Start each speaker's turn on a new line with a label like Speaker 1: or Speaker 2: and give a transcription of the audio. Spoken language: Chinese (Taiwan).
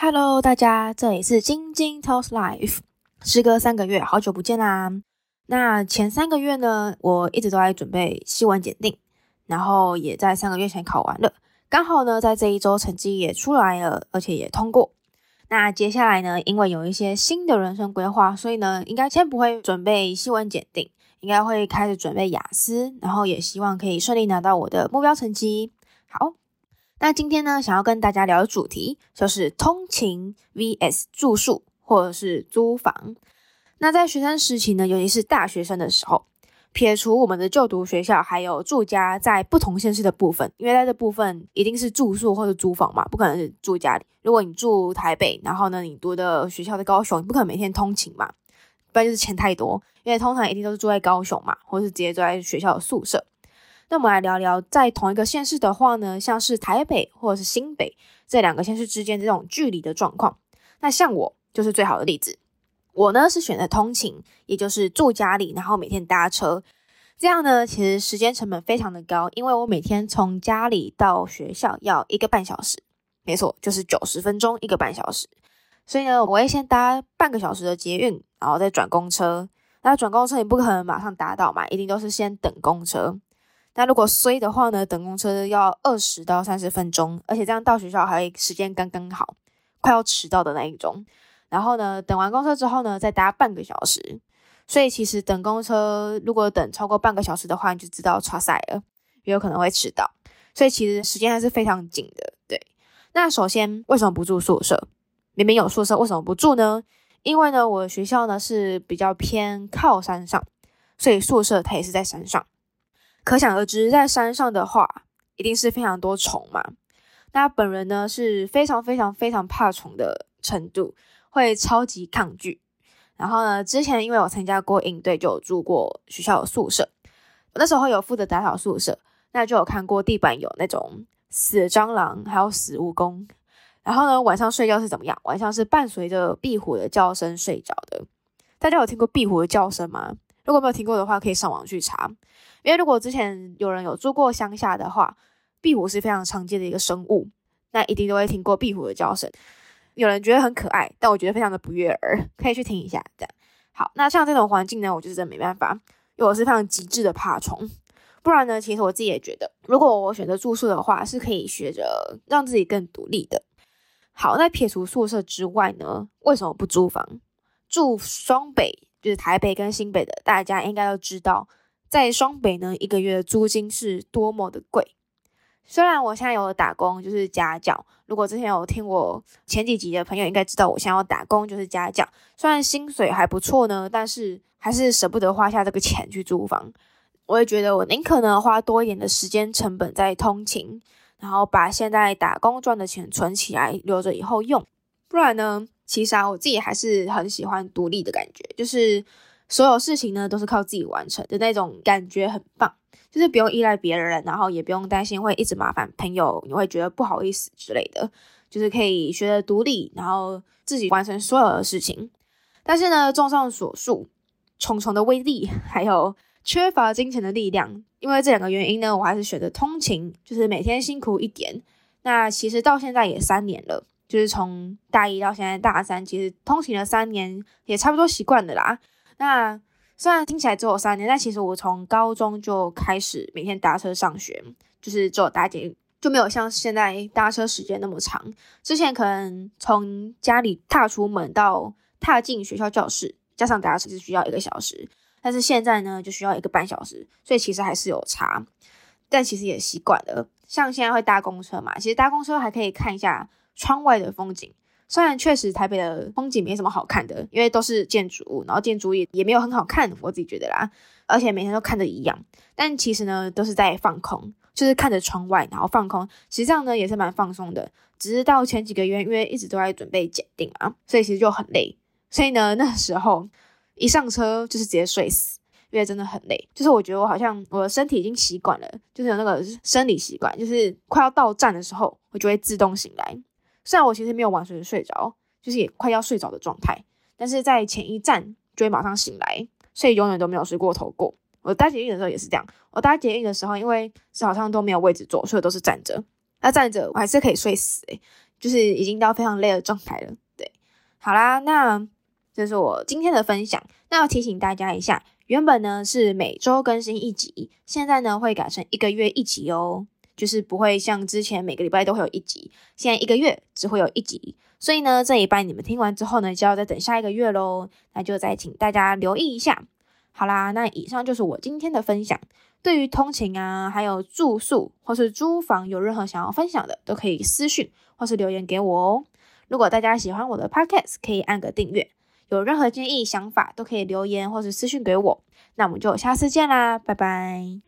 Speaker 1: 哈嘍，Hello, 大家，這裡是晶晶 Toast Life。時隔三個月，好久不見啦、啊。那前三個月呢，我一直都在準備西文檢定，然後也在三個月前考完了。剛好呢，在這一周成績也出來了，而且也通過。那接下來呢，因為有一些新的人生規劃，所以呢，應該先不會準備西文檢定，應該會開始準備雅思，然後也希望可以順利拿到我的目標成績。好。那今天呢，想要跟大家聊的主題就是通勤 vs 住宿或者是租房。那在學生時期呢，尤其是大學生的時候，撇除我們的就讀學校還有住家在不同縣市的部分，因為在這部分一定是住宿或者租房嘛，不可能是住家裡。如果你住台北，然後呢，你讀的學校的高雄，你不可能每天通勤嘛，不然就是錢太多。因為通常一定都是住在高雄嘛，或者是直接住在學校的宿舍。那我們來聊聊，在同一個縣市的話呢，像是台北或者是新北這兩個縣市之間這種距離的狀況。那像我就是最好的例子，我呢是選擇通勤，也就是住家裡，然後每天搭車。這樣呢，其實時間成本非常的高，因為我每天從家裡到學校要一個半小時，沒錯，就是九十分鐘，一個半小時。所以呢，我會先搭半個小時的捷運，然後再轉公車。那轉公車也不可能馬上搭到嘛，一定都是先等公車。那如果塞的話呢，等公車要二十到三十分鐘，而且這樣到學校還時間剛剛好，快要遲到的那一種。然後呢，等完公車之後呢，再搭半個小時。所以其實等公車如果等超過半個小時的話，你就知道超塞了，也有可能會遲到。所以其實時間還是非常緊的。對，那首先為什麼不住宿舍？明明有宿舍，為什麼不住呢？因為呢，我學校呢是比較偏靠山上，所以宿舍它也是在山上。可想而知，在山上的話，一定是非常多蟲嘛。那本人呢是非常非常非常怕蟲的程度，會超級抗拒。然後呢，之前因為我參加過營隊，就有住過學校的宿舍，那時候有負責打掃宿舍，那就有看過地板有那種死蟑螂，還有死蜈蚣。然後呢，晚上睡覺是怎麼樣？晚上是伴隨着壁虎的叫聲睡着的。大家有聽過壁虎的叫聲嗎？如果沒有聽過的話，可以上網去查。因為如果之前有人有住過鄉下的話，壁虎是非常常見的一個生物，那一定都會聽過壁虎的叫聲。有人覺得很可愛，但我覺得非常的不悅耳，可以去聽一下。這樣好，那像這種環境呢，我就是真沒辦法，因為我是非常極致的怕蟲。不然呢，其實我自己也覺得，如果我選擇住宿的話，是可以學着讓自己更獨立的。好，那撇除宿舍之外呢，為什麼不租房住雙北？就是台北跟新北的，大家應該都知道，在雙北呢，一個月的租金是多麼的貴。雖然我現在有了打工，就是家教。如果之前有聽我前幾集的朋友，應該知道我現在要打工就是家教。雖然薪水還不錯呢，但是還是捨不得花下這個錢去租房。我也覺得我寧可呢花多一點的時間成本在通勤，然後把現在打工賺的錢存起來，留着以後用。不然呢？其實啊，我自己還是很喜歡獨立的感覺，就是所有事情呢都是靠自己完成的那種感覺，很棒。就是不用依賴別人，然後也不用擔心會一直麻煩朋友，你會覺得不好意思之類的。就是可以學着獨立，然後自己完成所有的事情。但是呢，綜上所述，重重的威力還有缺乏金錢的力量，因為這兩個原因呢，我還是選擇通勤，就是每天辛苦一點。那其實到現在也三年了。就是從大一到現在大三，其實通勤了三年也差不多習慣了啦。那雖然聽起來只有三年，但其實我從高中就開始每天搭車上學，就是坐搭捷運，就沒有像現在搭車時間那麼長。之前可能從家裡踏出門到踏進學校教室，加上搭車是需要一個小時，但是現在呢就需要一個半小時，所以其實還是有差，但其實也習慣了。像現在會搭公車嘛，其實搭公車還可以看一下窗外的風景，雖然確實台北的風景沒什麼好看的，因為都是建築物，然後建築也也沒有很好看，我自己覺得啦。而且每天都看着一樣，但其實呢，都是在放空，就是看着窗外，然後放空。實際上呢也是蠻放鬆的，只是到前幾個月，因為一直都在準備檢定啊，所以其實就很累。所以呢，那時候一上車就是直接睡死，因為真的很累。就是我覺得我好像我的身體已經習慣了，就是有那個生理習慣，就是快要到站的時候，我就會自動醒來。雖然我其實沒有完全睡着，就是也快要睡着的狀態，但是在前一站就會馬上醒來，所以永遠都沒有睡過頭過。我搭捷運的時候也是這樣，我搭捷運的時候因為是好像都沒有位置坐，所以都是站着，那站着我還是可以睡死、欸、就是已經到非常累的狀態了。對，好啦，那這是我今天的分享。那要提醒大家一下，原本呢是每周更新一集，現在呢會改成一個月一集哦。就是不會像之前每個禮拜都會有一集，現在一個月只會有一集，所以呢這一拜你們聽完之後呢，就要再等下一個月嘍，那就再請大家留意一下。好啦，那以上就是我今天的分享。對於通勤啊，還有住宿或是租房有任何想要分享的，都可以私訊或是留言給我哦。如果大家喜歡我的 podcast，可以按個訂閱。有任何建議想法，都可以留言或是私訊給我。那我們就下次見啦，拜拜。